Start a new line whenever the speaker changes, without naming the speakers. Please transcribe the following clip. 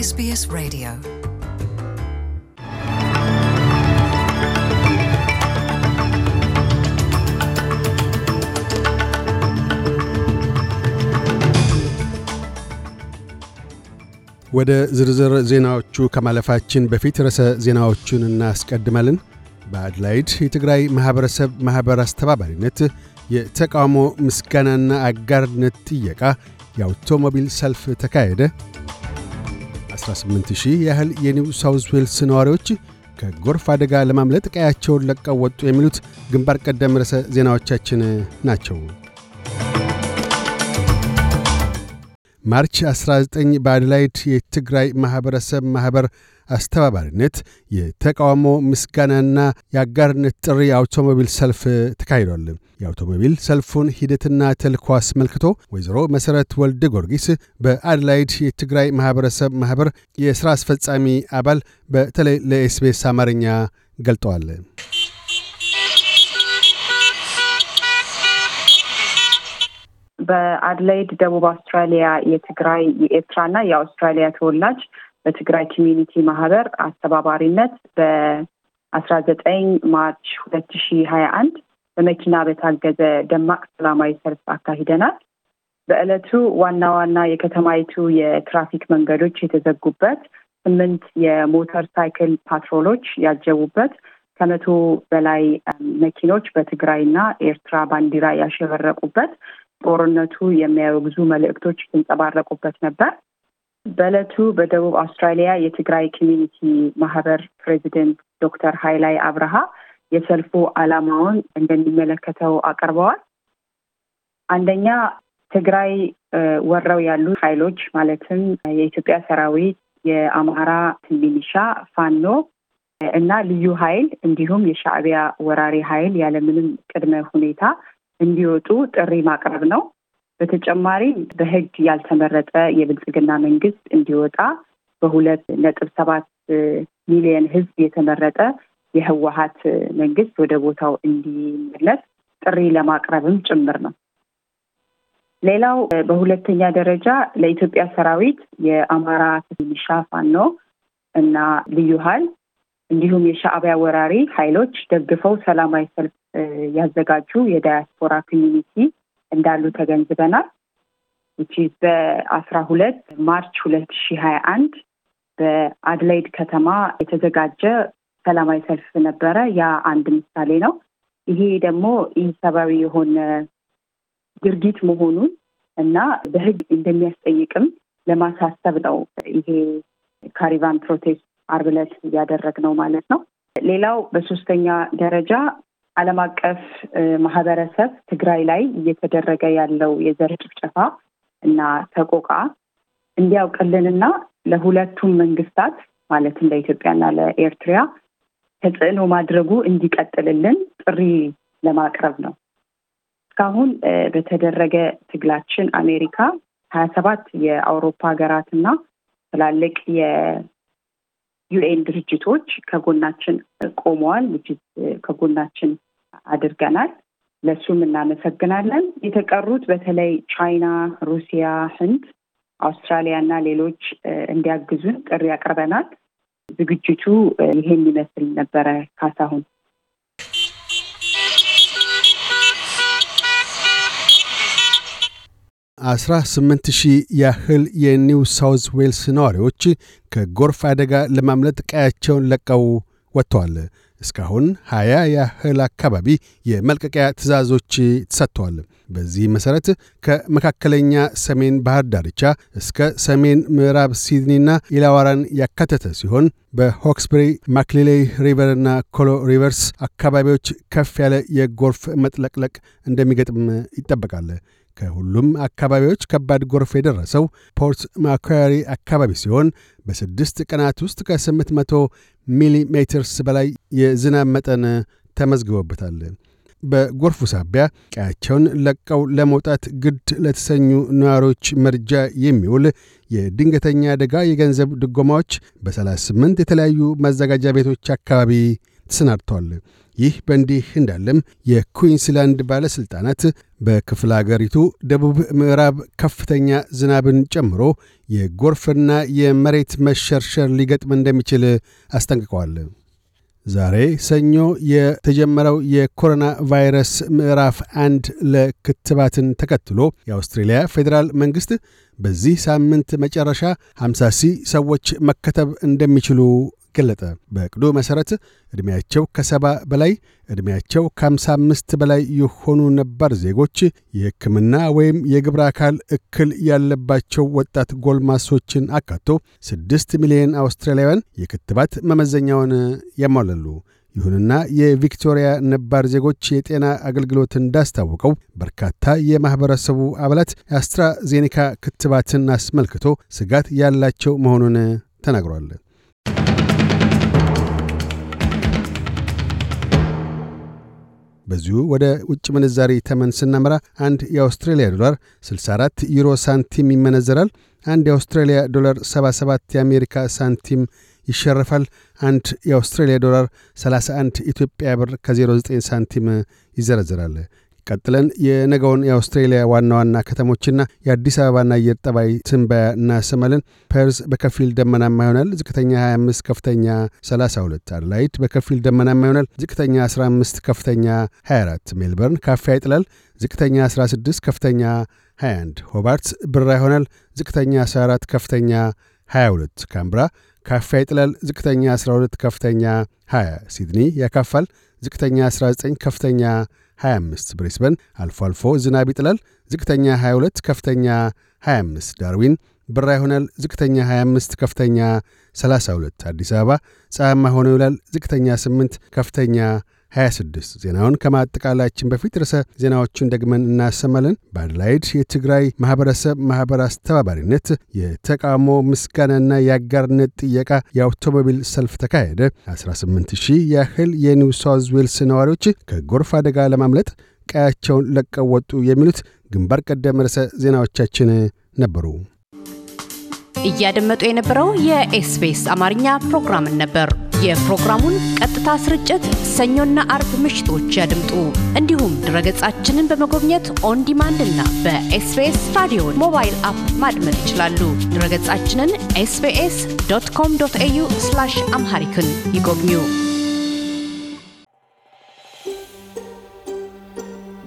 ኤስቢኤስ Radio.
ወደ ዝርዝር ዜናዎቹ ከማለፋችን በፊት ርዕሰ ዜናዎቹን እናስቀድማለን። በአድላይድ የትግራይ ማኅበረሰብ ማኅበር አስተባባሪነት የተቃውሞ ምስጋናና አጋርነት ጥየቃ የአውቶሞቢል ሰልፍ ተካሄደ። 18000 ያህል የኒው ሳውዝ ዌልስ ነዋሪዎች ከጎርፍ አደጋ ለማምለጥ ቀያቸውን ለቀው ወጡ የሚሉት ግንባር ቀደም ርዕሰ ዜናዎቻችን ናቸው። ማርች 19 በአድላይድ የትግራይ ማኅበረሰብ ማኅበር አስተባባሪነት የተቃውሞ ምስጋናና የአጋርነት ጥሪ የአውቶሞቢል ሰልፍ ተካሂዷል። የአውቶሞቢል ሰልፉን ሂደትና ተልኮ አስመልክቶ ወይዘሮ መሠረት ወልደ ጊዮርጊስ በአድላይድ የትግራይ ማኅበረሰብ ማኅበር የሥራ አስፈጻሚ አባል በተለይ ለኤስቤስ አማርኛ ገልጠዋል።
በአድላይድ ደቡብ አውስትራሊያ የትግራይ የኤርትራና የአውስትራሊያ ተወላጅ በትግራይ ኮሚኒቲ ማህበር አስተባባሪነት በአስራ ዘጠኝ ማርች ሁለት ሺ ሀያ አንድ በመኪና በታገዘ ደማቅ ሰላማዊ ሰልፍ አካሂደናል። በዕለቱ ዋና ዋና የከተማይቱ የትራፊክ መንገዶች የተዘጉበት፣ ስምንት የሞተር ሳይክል ፓትሮሎች ያጀቡበት፣ ከመቶ በላይ መኪኖች በትግራይና ኤርትራ ባንዲራ ያሸበረቁበት፣ ጦርነቱ የሚያወግዙ መልእክቶች የተንጸባረቁበት ነበር። በእለቱ በደቡብ አውስትራሊያ የትግራይ ኮሚኒቲ ማህበር ፕሬዚደንት ዶክተር ሀይላይ አብርሃ የሰልፉ አላማውን እንደሚመለከተው አቅርበዋል። አንደኛ ትግራይ ወረው ያሉ ኃይሎች ማለትም የኢትዮጵያ ሰራዊት፣ የአማራ ሚሊሻ፣ ፋኖ እና ልዩ ኃይል እንዲሁም የሻዕቢያ ወራሪ ኃይል ያለምንም ቅድመ ሁኔታ እንዲወጡ ጥሪ ማቅረብ ነው። በተጨማሪም በህግ ያልተመረጠ የብልጽግና መንግስት እንዲወጣ በሁለት ነጥብ ሰባት ሚሊየን ህዝብ የተመረጠ የህወሀት መንግስት ወደ ቦታው እንዲመለስ ጥሪ ለማቅረብም ጭምር ነው። ሌላው በሁለተኛ ደረጃ ለኢትዮጵያ ሰራዊት የአማራ ሚሊሻ ፋኖ እና ልዩ ሀይል እንዲሁም የሻዕቢያ ወራሪ ኃይሎች ደግፈው ሰላማዊ ሰልፍ ያዘጋጁ የዳያስፖራ ኮሚኒቲ እንዳሉ ተገንዝበናል። በአስራ ሁለት ማርች ሁለት ሺ ሀያ አንድ በአድላይድ ከተማ የተዘጋጀ ሰላማዊ ሰልፍ ነበረ። ያ አንድ ምሳሌ ነው። ይሄ ደግሞ ኢሰብአዊ የሆነ ድርጊት መሆኑን እና በሕግ እንደሚያስጠይቅም ለማሳሰብ ነው። ይሄ ካሪቫን ፕሮቴስት አርብ ዕለት ነው ማለት ነው። ሌላው በሶስተኛ ደረጃ ዓለም አቀፍ ማህበረሰብ ትግራይ ላይ እየተደረገ ያለው የዘር ጭፍጨፋ እና ተቆቃ እንዲያውቅልንና ለሁለቱም መንግስታት ማለትም ለኢትዮጵያና ለኤርትሪያ ተጽዕኖ ማድረጉ እንዲቀጥልልን ጥሪ ለማቅረብ ነው። እስካሁን በተደረገ ትግላችን አሜሪካ ሀያ ሰባት የአውሮፓ ሀገራትና ትላልቅ የዩኤን ድርጅቶች ከጎናችን ቆመዋል። ከጎናችን አድርገናል። ለሱም እናመሰግናለን። የተቀሩት በተለይ ቻይና፣ ሩሲያ፣ ህንድ፣ አውስትራሊያ እና ሌሎች እንዲያግዙን ጥሪ ያቀርበናል። ዝግጅቱ ይሄን ይመስል ነበረ። ካሳሁን
አስራ ስምንት ሺህ ያህል የኒው ሳውዝ ዌልስ ነዋሪዎች ከጎርፍ አደጋ ለማምለጥ ቀያቸውን ለቀው ወጥተዋል። እስካሁን 20 ያህል አካባቢ የመልቀቂያ ትእዛዞች ተሰጥተዋል። በዚህ መሠረት ከመካከለኛ ሰሜን ባህር ዳርቻ እስከ ሰሜን ምዕራብ ሲድኒና ኢላዋራን ያካተተ ሲሆን በሆክስብሪ ማክሊሌይ ሪቨርና ኮሎ ሪቨርስ አካባቢዎች ከፍ ያለ የጎርፍ መጥለቅለቅ እንደሚገጥም ይጠበቃል። ከሁሉም አካባቢዎች ከባድ ጎርፍ የደረሰው ፖርት ማኳሪ አካባቢ ሲሆን በስድስት ቀናት ውስጥ ከ800 ሚሊ ሜትርስ በላይ የዝናብ መጠን ተመዝግቦበታል። በጎርፉ ሳቢያ ቀያቸውን ለቀው ለመውጣት ግድ ለተሰኙ ነዋሪዎች መርጃ የሚውል የድንገተኛ አደጋ የገንዘብ ድጎማዎች በ38 የተለያዩ ማዘጋጃ ቤቶች አካባቢ ተሰናድተዋል። ይህ በእንዲህ እንዳለም የኩዊንስላንድ ባለሥልጣናት በክፍለ አገሪቱ ደቡብ ምዕራብ ከፍተኛ ዝናብን ጨምሮ የጎርፍና የመሬት መሸርሸር ሊገጥም እንደሚችል አስጠንቅቀዋል። ዛሬ ሰኞ የተጀመረው የኮሮና ቫይረስ ምዕራፍ አንድ ለክትባትን ተከትሎ የአውስትሬልያ ፌዴራል መንግሥት በዚህ ሳምንት መጨረሻ 50 ሺህ ሰዎች መከተብ እንደሚችሉ ገለጠ። በዕቅዱ መሠረት ዕድሜያቸው ከሰባ በላይ ዕድሜያቸው ከ55 በላይ የሆኑ ነባር ዜጎች የሕክምና ወይም የግብረ አካል እክል ያለባቸው ወጣት ጎልማሶችን አካቶ 6 ሚሊዮን አውስትራሊያውያን የክትባት መመዘኛውን ያሟላሉ። ይሁንና የቪክቶሪያ ነባር ዜጎች የጤና አገልግሎት እንዳስታወቀው በርካታ የማኅበረሰቡ አባላት የአስትራዜኔካ ክትባትን አስመልክቶ ስጋት ያላቸው መሆኑን ተናግሯል። በዚሁ ወደ ውጭ ምንዛሪ ተመን ስናመራ አንድ የአውስትሬልያ ዶላር 64 ዩሮ ሳንቲም ይመነዘራል። አንድ የአውስትሬልያ ዶላር 77 የአሜሪካ ሳንቲም ይሸርፋል። አንድ የአውስትሬልያ ዶላር 31 ኢትዮጵያ ብር ከ09 ሳንቲም ይዘረዝራል። ቀጥለን የነገውን የአውስትሬሊያ ዋና ዋና ከተሞችና የአዲስ አበባና አየር ጠባይ ትንበያ እናሰማለን። ፐርዝ በከፊል ደመናማ ይሆናል። ዝቅተኛ 25፣ ከፍተኛ 32። አድላይድ በከፊል ደመናማ ይሆናል። ዝቅተኛ 15፣ ከፍተኛ 24። ሜልበርን ካፊያ ይጥላል። ዝቅተኛ 16፣ ከፍተኛ 21። ሆባርት ብራ ይሆናል። ዝቅተኛ 14፣ ከፍተኛ 22። ካምብራ ካፊያ ይጥላል። ዝቅተኛ 12፣ ከፍተኛ 20። ሲድኒ ያካፋል። ዝቅተኛ 19፣ ከፍተኛ 25 ብሬስበን አልፎ አልፎ ዝናብ ይጥላል። ዝቅተኛ 22 ከፍተኛ 25 ዳርዊን ብራ ይሆናል። ዝቅተኛ 25 ከፍተኛ 32 አዲስ አበባ ፀሐማ ሆኖ ይውላል። ዝቅተኛ 8 ከፍተኛ 26 ዜናውን ከማጠቃላችን በፊት ርዕሰ ዜናዎቹን ደግመን እናሰማለን። በአድላይድ የትግራይ ማኅበረሰብ ማኅበር አስተባባሪነት የተቃውሞ ምስጋናና የአጋርነት ጥየቃ የአውቶሞቢል ሰልፍ ተካሄደ። 18 ሺህ ያህል የኒው ሳውዝ ዌልስ ነዋሪዎች ከጎርፍ አደጋ ለማምለጥ ቀያቸውን ለቀው ወጡ። የሚሉት ግንባር ቀደም ርዕሰ ዜናዎቻችን ነበሩ።
እያደመጡ የነበረው የኤስቢኤስ አማርኛ ፕሮግራምን ነበር። የፕሮግራሙን ቀጥታ ስርጭት ሰኞና አርብ ምሽቶች ያድምጡ። እንዲሁም ድረገጻችንን በመጎብኘት ኦን እና በኤስቢኤስ ራዲዮ ሞባይል አፕ ማድመጥ ይችላሉ። ድረገጻችንን ኤስቢኤስ ዶት ኮም ዶት ኤዩ አምሃሪክን ይጎብኙ።